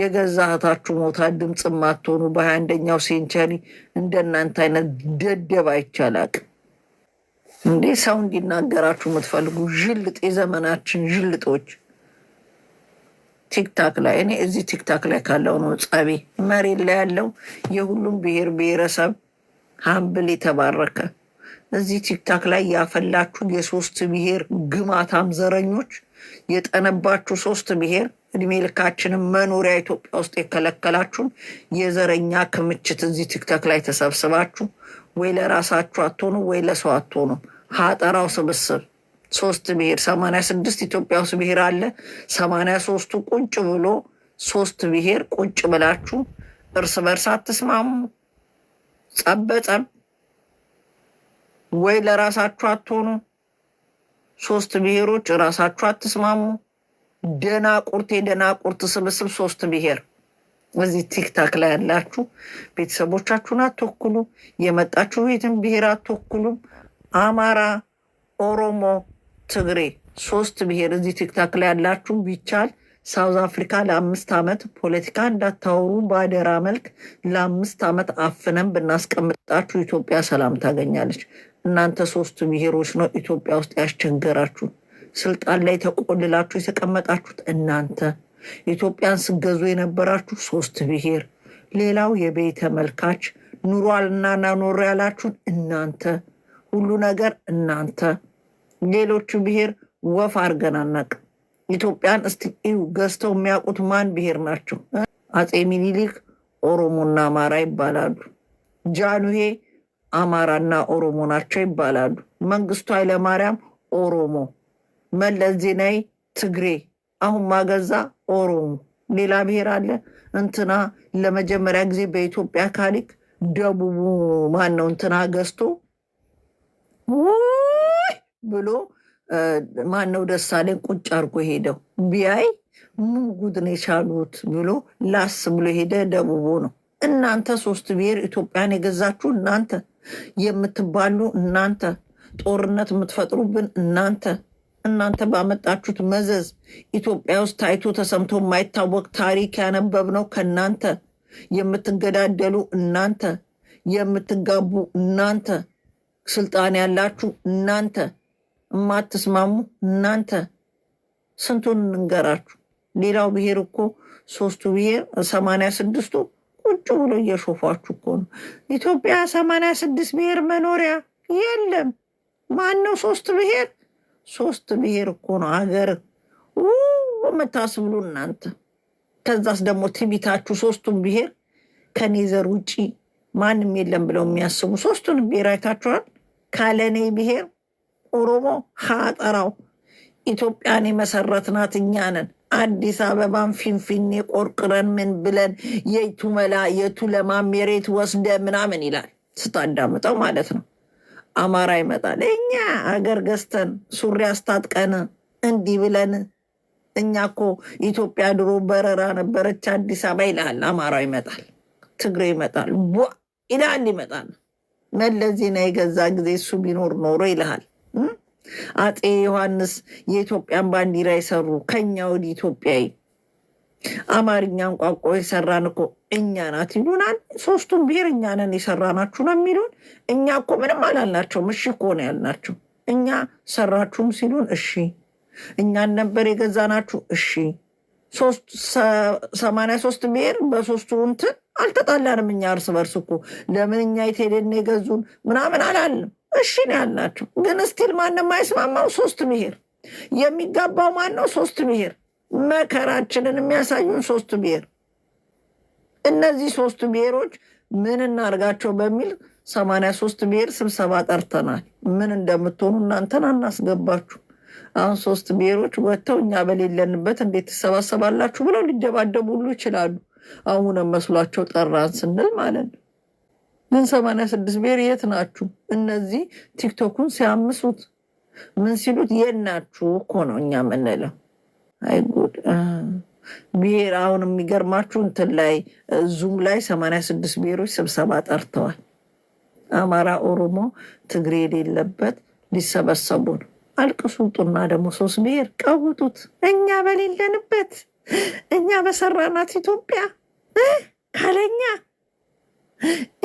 የገዛ እህታችሁ ሞታ ድምፅ ማትሆኑ በሀያ አንደኛው ሴንቸሪ እንደናንተ አይነት ደደብ አይቻላቅ እንዴ! ሰው እንዲናገራችሁ የምትፈልጉ ዥልጥ የዘመናችን ዥልጦች ቲክታክ ላይ እኔ እዚህ ቲክታክ ላይ ካለው ነው ጸቤ መሬት ላይ ያለው የሁሉም ብሔር ብሔረሰብ ሀምብል የተባረከ እዚህ ቲክታክ ላይ ያፈላችሁ የሶስት ብሔር ግማታም ዘረኞች የጠነባችሁ ሶስት ብሔር እድሜ ልካችንም መኖሪያ ኢትዮጵያ ውስጥ የከለከላችሁን የዘረኛ ክምችት እዚህ ቲክቶክ ላይ ተሰብስባችሁ ወይ ለራሳችሁ አትሆኑ ወይ ለሰው አትሆኑ። ሀጠራው ስብስብ ሶስት ብሔር ሰማንያ ስድስት ኢትዮጵያ ውስጥ ብሔር አለ። ሰማንያ ሶስቱ ቁጭ ብሎ ሶስት ብሔር ቁጭ ብላችሁ እርስ በርስ አትስማሙ። ጸብ ወይ ለራሳችሁ አትሆኑ። ሶስት ብሔሮች ራሳችሁ አትስማሙ። ደናቁርት የደናቁርት ስብስብ ሶስት ብሄር እዚህ ቲክታክ ላይ ያላችሁ ቤተሰቦቻችሁን አትወክሉ። የመጣችሁ ቤትን ብሄር አትወክሉም። አማራ፣ ኦሮሞ፣ ትግሬ ሶስት ብሄር እዚህ ቲክታክ ላይ ያላችሁ ቢቻል ሳውዝ አፍሪካ ለአምስት ዓመት ፖለቲካ እንዳታወሩ በአደራ መልክ ለአምስት ዓመት አፍነን ብናስቀምጣችሁ ኢትዮጵያ ሰላም ታገኛለች። እናንተ ሶስት ብሄሮች ነው ኢትዮጵያ ውስጥ ያስቸገራችሁ። ስልጣን ላይ ተቆልላችሁ የተቀመጣችሁት እናንተ ኢትዮጵያን ስገዙ የነበራችሁ ሶስት ብሔር፣ ሌላው የበይ ተመልካች ኑሯልና ናኖር ያላችሁን እናንተ፣ ሁሉ ነገር እናንተ። ሌሎቹ ብሔር ወፍ አድርገን ኢትዮጵያን እስቲ እዩ። ገዝተው የሚያውቁት ማን ብሔር ናቸው? አፄ ሚኒሊክ ኦሮሞና አማራ ይባላሉ። ጃንሆይ አማራና ኦሮሞ ናቸው ይባላሉ። መንግስቱ ኃይለማርያም ኦሮሞ መለስ ዜናዊ ትግሬ፣ አሁን ማገዛ ኦሮሞ፣ ሌላ ብሔር አለ እንትና ለመጀመሪያ ጊዜ በኢትዮጵያ ታሪክ ደቡቡ ማን ነው እንትና ገዝቶ ብሎ ማን ነው ደሳለኝ ቁጭ አድርጎ ሄደው ቢያይ ምን ጉድ ነው የቻሉት ብሎ ላስ ብሎ ሄደ ደቡቡ ነው። እናንተ ሶስት ብሔር ኢትዮጵያን የገዛችሁ እናንተ የምትባሉ እናንተ ጦርነት የምትፈጥሩብን እናንተ እናንተ ባመጣችሁት መዘዝ ኢትዮጵያ ውስጥ ታይቶ ተሰምቶ የማይታወቅ ታሪክ ያነበብነው ከእናንተ የምትገዳደሉ እናንተ የምትጋቡ እናንተ ስልጣን ያላችሁ እናንተ የማትስማሙ እናንተ ስንቱን እንንገራችሁ። ሌላው ብሔር እኮ ሶስቱ ብሔር ሰማንያ ስድስቱ ቁጭ ብሎ እየሾፏችሁ እኮ ነው። ኢትዮጵያ ሰማንያ ስድስት ብሔር መኖሪያ የለም። ማን ነው ሶስት ብሔር ሶስት ብሔር እኮ ነው ሀገር የምታስብሉ እናንተ። ከዛስ ደግሞ ትቢታችሁ ሶስቱን ብሔር ከኔ ዘር ውጭ ማንም የለም ብለው የሚያስቡ ሶስቱን ብሔር አይታችኋል። ካለኔ ብሔር ኦሮሞ ሀጠራው ኢትዮጵያን የመሰረትናት ናት እኛ ነን። አዲስ አበባን ፊንፊኔ ቆርቅረን ምን ብለን የቱ መላ የቱ ለማ መሬት ወስደ ምናምን ይላል ስታዳምጠው ማለት ነው። አማራ ይመጣል። እኛ አገር ገዝተን ሱሪ አስታጥቀን እንዲህ ብለን እኛ እኮ ኢትዮጵያ ድሮ በረራ ነበረች አዲስ አበባ ይላል። አማራ ይመጣል፣ ትግሬ ይመጣል፣ ቧ ይመጣል መለስ ዜናዊ የገዛ ጊዜ እሱ ቢኖር ኖሮ ይልሃል። አፄ ዮሐንስ የኢትዮጵያን ባንዲራ የሰሩ ከኛ ወደ ኢትዮጵያዊ አማርኛን ቋንቋ የሰራን እኮ እኛ ናት ይሉናል። ሶስቱም ብሔር እኛ ነን የሰራናችሁ ነው የሚሉን። እኛ እኮ ምንም አላልናቸውም። እሺ እኮ ነው ያልናቸው። እኛ ሰራችሁም ሲሉን እሺ፣ እኛን ነበር የገዛናችሁ እሺ። ሰማንያ ሶስት ብሔር በሶስቱ እንትን አልተጣላንም። እኛ እርስ በርስ እኮ ለምን እኛ የቴሌን የገዙን ምናምን አላልንም። እሺ ነው ያልናቸው። ግን ስቲል ማንም አይስማማው። ሶስት ብሔር የሚጋባው ማን ነው? ሶስት ብሔር መከራችንን የሚያሳዩን ሶስቱ ብሔር እነዚህ ሶስቱ ብሔሮች ምን እናርጋቸው በሚል ሰማንያ ሶስት ብሔር ስብሰባ ጠርተናል። ምን እንደምትሆኑ እናንተን አናስገባችሁ። አሁን ሶስት ብሔሮች ወጥተው እኛ በሌለንበት እንዴት ትሰባሰባላችሁ ብለው ሊደባደቡ ሁሉ ይችላሉ። አሁን መስሏቸው ጠራን ስንል ማለት ነው። ግን ሰማንያ ስድስት ብሔር የት ናችሁ? እነዚህ ቲክቶኩን ሲያምሱት ምን ሲሉት የት ናችሁ እኮ ነው እኛ የምንለው። አይጉድ ብሔር አሁን የሚገርማችሁ እንትን ላይ ዙም ላይ ሰማንያ ስድስት ብሔሮች ስብሰባ ጠርተዋል። አማራ፣ ኦሮሞ፣ ትግሬ የሌለበት ሊሰበሰቡ ነው። አልቅሱጡና ደግሞ ሶስት ብሔር ቀውጡት። እኛ በሌለንበት እኛ በሰራናት ኢትዮጵያ ካለኛ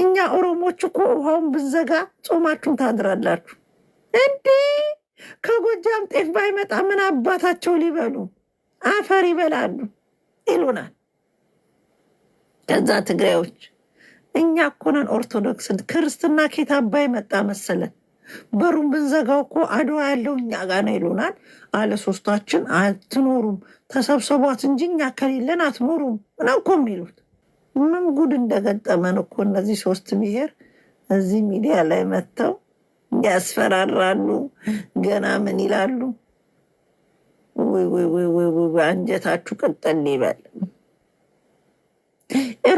እኛ ኦሮሞች እኮ ውሃውን ብዘጋ ጾማችሁን ታድራላችሁ እንዴ? ከጎጃም ጤፍ ባይመጣ ምን አባታቸው ሊበሉ አፈር ይበላሉ ይሉናል። ከዛ ትግራዮች እኛ እኮ ነን ኦርቶዶክስን ክርስትና ኬት አባይ መጣ መሰለን በሩን ብንዘጋው እኮ አድዋ ያለው እኛ ጋ ነው ይሉናል። አለ ሶስታችን አትኖሩም፣ ተሰብሰቧት እንጂ እኛ ከሌለን አትኖሩም ነው እኮ የሚሉት። ምን ጉድ እንደገጠመን እኮ እነዚህ ሶስት ብሔር እዚህ ሚዲያ ላይ መጥተው ያስፈራራሉ። ገና ምን ይላሉ? አንጀታችሁ ቅጥል ይበል።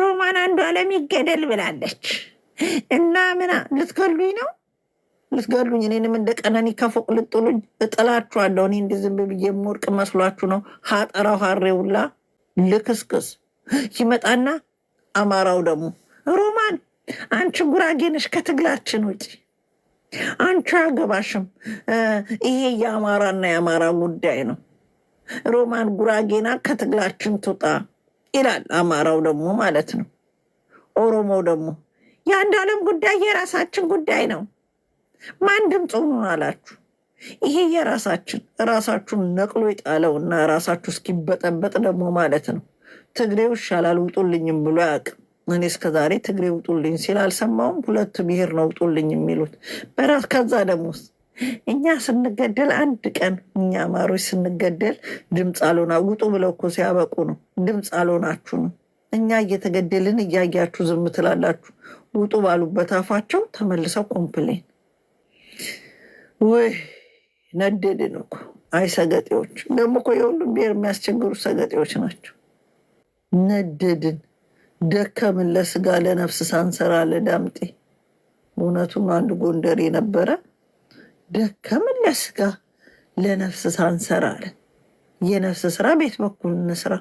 ሮማን አንዱ ዓለም ይገደል ብላለች እና ምና ልትገሉኝ ነው? ልትገሉኝ እኔንም እንደ ቀነኒ ከፎቅ ልጥሉኝ? እጥላችኋለሁ። እኔ እንዲህ ዝም ብዬ የምወርቅ መስሏችሁ ነው? ሀጠራው ሀሬውላ ልክስክስ ይመጣና አማራው ደግሞ ሮማን አንቺ ጉራጌነሽ ከትግላችን ውጭ አንቺ አገባሽም። ይሄ የአማራና የአማራ ጉዳይ ነው። ሮማን ጉራጌና ከትግላችን ትውጣ ይላል። አማራው ደግሞ ማለት ነው። ኦሮሞው ደግሞ የአንድ ዓለም ጉዳይ የራሳችን ጉዳይ ነው። ማን ድምፅ ሆኑ አላችሁ? ይሄ የራሳችን ራሳችሁን ነቅሎ እና ራሳችሁ እስኪበጠበጥ ደግሞ ማለት ነው። ትግሬው ይሻላል ውጡልኝም ብሎ አያውቅም። እኔ እስከዛሬ ትግሬ ውጡልኝ ሲል አልሰማውም። ሁለት ብሔር ነው ውጡልኝ የሚሉት በራስ ከዛ ደግሞ እኛ ስንገደል አንድ ቀን እኛ ማሮች ስንገደል ድምፅ አልሆና ውጡ ብለው እኮ ሲያበቁ ነው። ድምፅ አልሆናችሁ ነው። እኛ እየተገደልን እያያችሁ ዝም ትላላችሁ። ውጡ ባሉበት አፋቸው ተመልሰው ኮምፕሌን ወይ ነደድን እኮ። አይ ሰገጤዎች ደግሞ እኮ የሁሉም ብሔር የሚያስቸግሩ ሰገጤዎች ናቸው። ነደድን፣ ደከምን። ለስጋ ለነፍስ ሳንሰራ ለዳምጤ እውነቱም አንድ ጎንደር ነበረ ደከምን ለስጋ ለነፍስ ስራ እንሰራ አለ። የነፍስ ስራ ቤት በኩል እንስራ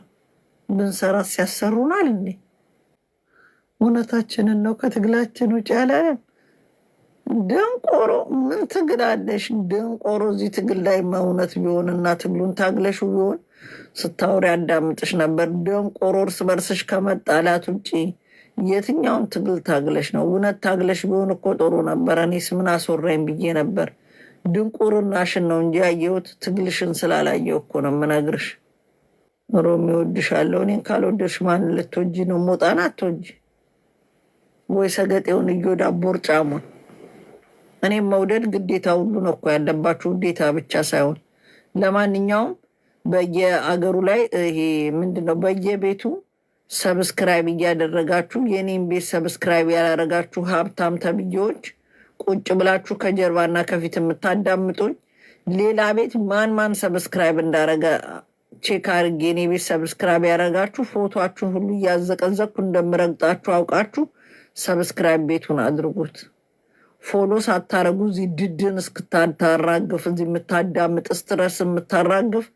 ብንሰራ ሲያሰሩናል እንዴ? እውነታችንን ነው። ከትግላችን ውጭ ያላለን ደንቆሮ ምን ትግል አለሽ? ደንቆሮ? እዚህ ትግል ላይ እውነት ቢሆን እና ትግሉን ታግለሽ ቢሆን ስታወሪ ያዳምጥሽ ነበር። ደንቆሮ እርስ በርስሽ ከመጣላት ውጭ የትኛውን ትግል ታግለሽ ነው? እውነት ታግለሽ ቢሆን እኮ ጥሩ ነበር። እኔስ ምን አስወራኝ ብዬ ነበር። ድንቁርናሽን ነው እንጂ ያየሁት ትግልሽን ስላላየሁ እኮ ነው የምነግርሽ። ሮሚ እወድሻለሁ። እኔን ካልወደድሽ ማን ልትወጂ ነው? ሞጣን አትወጂ ወይ ሰገጤውን እዮዳ ቦርጫሙን። እኔም መውደድ ግዴታ ሁሉ ነው እኮ ያለባችሁ ግዴታ ብቻ ሳይሆን ለማንኛውም በየአገሩ ላይ ይሄ ምንድን ነው? በየቤቱ ሰብስክራይብ እያደረጋችሁ የኔም ቤት ሰብስክራይብ ያላረጋችሁ ሀብታም ተብዬዎች ቁጭ ብላችሁ ከጀርባና ከፊት የምታዳምጡኝ ሌላ ቤት ማን ማን ሰብስክራይብ እንዳረገ ቼክ አድርጌ እኔ ቤት ሰብስክራይብ ያደረጋችሁ ፎቶችሁን ሁሉ እያዘቀዘቅኩ እንደምረግጣችሁ አውቃችሁ ሰብስክራይብ ቤቱን አድርጉት። ፎሎ ሳታረጉ እዚህ ድድን እስክታታራግፍ እዚህ የምታዳምጥ ስትረስ የምታራግፍ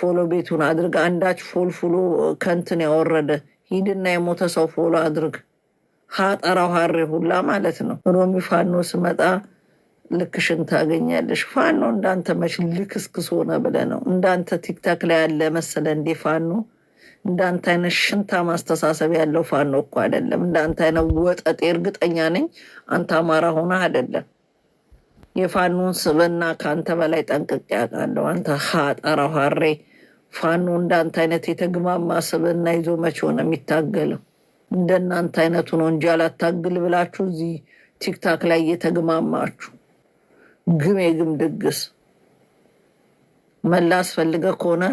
ፎሎ ቤቱን አድርግ። አንዳች ፎል ከንትን ያወረደ ሂድና የሞተ ሰው ፎሎ አድርግ። ሀጠራው ሀሬ ሁላ ማለት ነው። ሮሚ ፋኖ ስመጣ ልክሽን ታገኛለሽ። ፋኖ እንዳንተ መች ልክስክስ ሆነ ብለ ነው? እንዳንተ ቲክታክ ላይ ያለ መሰለ እንዴ? ፋኖ እንዳንተ አይነት ሽንታ ማስተሳሰብ ያለው ፋኖ እኮ አይደለም። እንዳንተ አይነት ወጠጤ እርግጠኛ ነኝ አንተ አማራ ሆነ አይደለም። የፋኖን ስብና ከአንተ በላይ ጠንቅቄ ያውቃለሁ። አንተ ሀጠራው ሀሬ ፋኖ እንዳንተ አይነት የተግማማ ስብና ይዞ መች ሆነ የሚታገለው? እንደናንተ አይነቱ ነው እንጂ አላታግል ብላችሁ እዚህ ቲክታክ ላይ እየተግማማችሁ ግም የግም ድግስ መላ አስፈልገ ከሆነ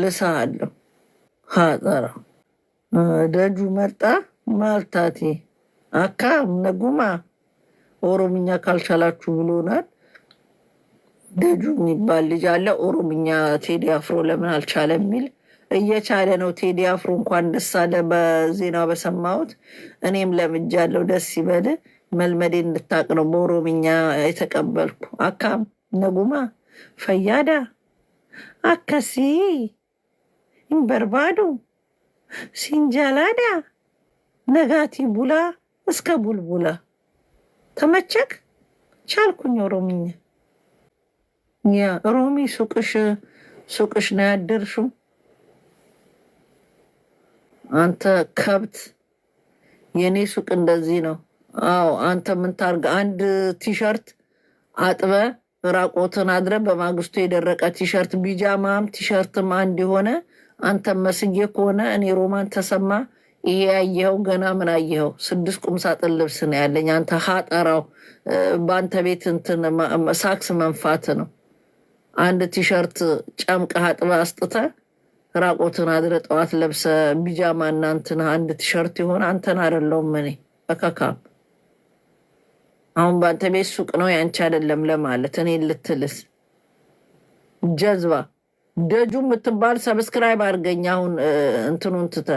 ልሳ አለው ሀጠራ ደጁ መርጣ ማርታቴ አካ ነጉማ ኦሮምኛ ካልቻላችሁ ብሎናል። ደጁ የሚባል ልጅ አለ ኦሮምኛ ቴዲ አፍሮ ለምን አልቻለ የሚል እየቻለ ነው። ቴዲ አፍሮ እንኳን ደስ አለ በዜናው በሰማሁት። እኔም ለምጃለው። ደስ ይበል። መልመዴ እንድታቅ ነው በኦሮምኛ የተቀበልኩ አካም ነጉማ ፈያዳ አካሲ በርባዱ ሲንጃላዳ ነጋቲ ቡላ እስከ ቡልቡላ ተመቸክ ቻልኩኝ ኦሮምኛ ያ ሮሚ ሱቅሽ ሱቅሽ ነው ያደርሽው አንተ ከብት፣ የኔ ሱቅ እንደዚህ ነው። አዎ አንተ ምን ታርግ? አንድ ቲሸርት አጥበ ራቆትን አድረ በማግስቱ የደረቀ ቲሸርት ቢጃማም ቲሸርትም አንድ የሆነ አንተ መስዬ ከሆነ እኔ ሮማን ተሰማ ይሄ ያየኸው ገና ምን አየኸው? ስድስት ቁምሳጥን ልብስ ነው ያለኝ። አንተ ሀጠራው በአንተ ቤት እንትን ሳክስ መንፋት ነው። አንድ ቲሸርት ጨምቀህ አጥበ አስጥተ ራቆትን አድረ ጠዋት ለብሰ ቢጃማ እናንትን አንድ ቲሸርት ይሆን አንተን አደለውም። እኔ በካካ አሁን በአንተ ቤት ሱቅ ነው ያንቺ አይደለም ለማለት እኔ ልትልስ ጀዝባ ደጁ የምትባል ሰብስክራይብ አድርገኝ። አሁን እንትኑን ትተ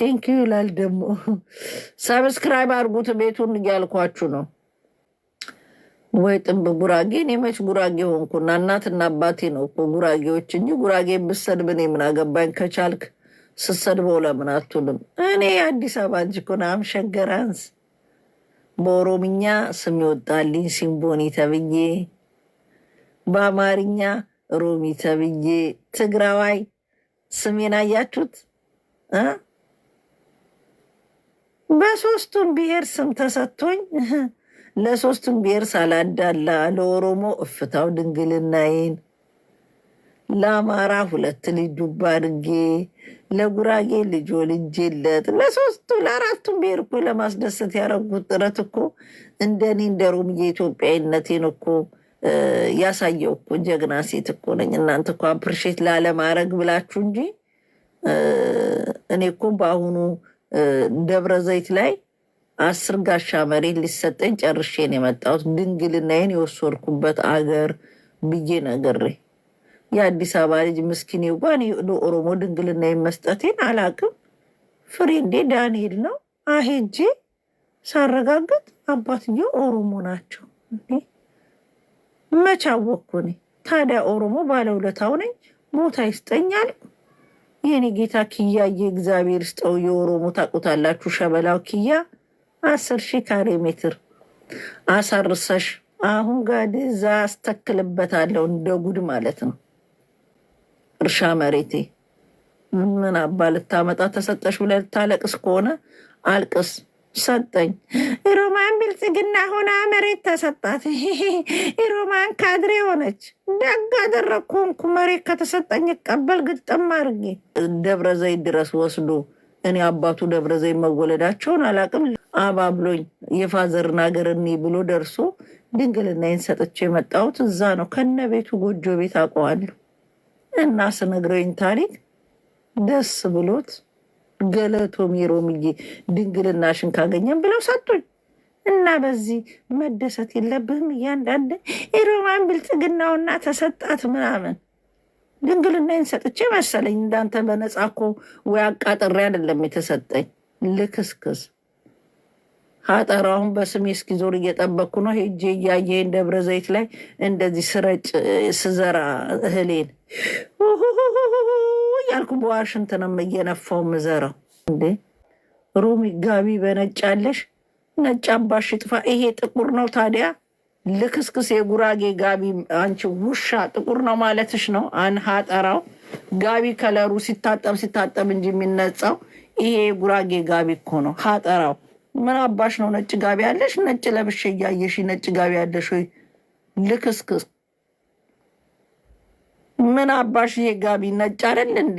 ቴንኪዩ ይላል ደግሞ ሰብስክራይብ አድርጉት ቤቱን እያልኳችሁ ነው። ወይ ጥንብ ጉራጌ እኔ መች ጉራጌ ሆንኩና? እናትና አባቴ ነው እኮ ጉራጌዎች እንጂ ጉራጌ ብሰድብ እኔ ምን አገባኝ? ከቻልክ ስሰድበው ለምን አትሉም? እኔ አዲስ አበባ እንጂ እኮ ናም ሸገራንስ በኦሮምኛ ስም ይወጣልኝ ሲምቦኒ ተብዬ፣ በአማርኛ ሮሚ ተብዬ፣ ትግራዋይ ስሜን አያችሁት? በሶስቱም ብሔር ስም ተሰጥቶኝ ለሶስቱም ብሔር ሳላዳላ ለኦሮሞ እፍታው ድንግልናዬን ለአማራ ሁለት ልጅ ዱባ አድርጌ ለጉራጌ ልጆ ልጄለት ለሶስቱ ለአራቱም ብሔር እኮ ለማስደሰት ያደረጉት ጥረት እኮ እንደኔ እንደ ሮምዬ እኮ ያሳየው እኮ ጀግና ሴት እኮ ነኝ። እናንተ እኮ አፕሪሼት ላለማድረግ ብላችሁ እንጂ እኔ እኮ በአሁኑ ደብረ ዘይት ላይ አስር ጋሻ መሬት ሊሰጠኝ ጨርሼን የመጣሁት ድንግልናዬን የወሰድኩበት አገር ብዬ ነግሬ የአዲስ አበባ ልጅ ምስኪን ይጓን ለኦሮሞ ድንግልናዬን መስጠቴን አላቅም። ፍሬንዴ ዳንኤል ነው አሄጄ ሳረጋግጥ አባትየው ኦሮሞ ናቸው። መች አወኩ እኔ ታዲያ ኦሮሞ ባለውለታው ነኝ ቦታ ይስጠኛል። የኔ ጌታ ኪያ እግዚአብሔር ስጠው። የኦሮሞ ታቁታላችሁ። ሸበላው ኪያ አስር ሺህ ካሬ ሜትር አሳርሰሽ አሁን ጋድ እዛ አስተክልበታለሁ እንደ ጉድ ማለት ነው። እርሻ መሬቴ ምን አባ ልታመጣ ተሰጠሽ ብለህ ልታለቅስ ከሆነ አልቅስ። ሰጠኝ ሮማን ብልጽግና ሆና መሬት ተሰጣት። ሮማን ካድሬ ሆነች። ደግ አደረግ ኮንኩ። መሬት ከተሰጠኝ ቀበል ግጥም አድርጌ ደብረ ዘይት ድረስ ወስዶ እኔ አባቱ ደብረ ዘይት መወለዳቸውን አላቅም። አባብሎኝ ብሎኝ የፋዘር እኒ ብሎ ደርሶ ድንግልናዬን ሰጥቼ የመጣሁት እዛ ነው። ከነ ቤቱ ጎጆ ቤት አውቀዋለሁ እና ስነግረኝ ታሪክ ደስ ብሎት ገለቶም የሮምዬ ድንግልናሽን ካገኘን ብለው ሰጡኝ። እና በዚህ መደሰት የለብህም እያንዳንድ የሮማን ብልጽግናውና ተሰጣት ምናምን ድንግልናዬን ሰጥቼ መሰለኝ እንዳንተ በነፃ እኮ ወይ አቃጥሬ አይደለም የተሰጠኝ ልክስክስ አጠሩ አሁን በስሜ እስኪዞር እየጠበቅኩ ነው። ሄጄ እያየን ደብረ ዘይት ላይ እንደዚህ ስረጭ ስዘራ እህሌን እያልኩ በዋሽንት ነው እየነፋው ምዘራው። እንዴ ሮሚ ጋቢ በነጭ አለሽ፣ ነጭ አምባሽ ጥፋ። ይሄ ጥቁር ነው ታዲያ ልክስክስ የጉራጌ ጋቢ አንቺ ውሻ፣ ጥቁር ነው ማለትሽ ነው። አንሃ ጠራው ጋቢ ከለሩ ሲታጠብ ሲታጠብ እንጂ የሚነጻው ይሄ የጉራጌ ጋቢ እኮ ነው። ሀጠራው ምን አባሽ ነው ነጭ ጋቢ ያለሽ? ነጭ ለብሽ እያየሽ ነጭ ጋቢ ያለሽ ወይ ልክስክስ። ምን አባሽ ይሄ ጋቢ ነጭ አይደል እንዴ?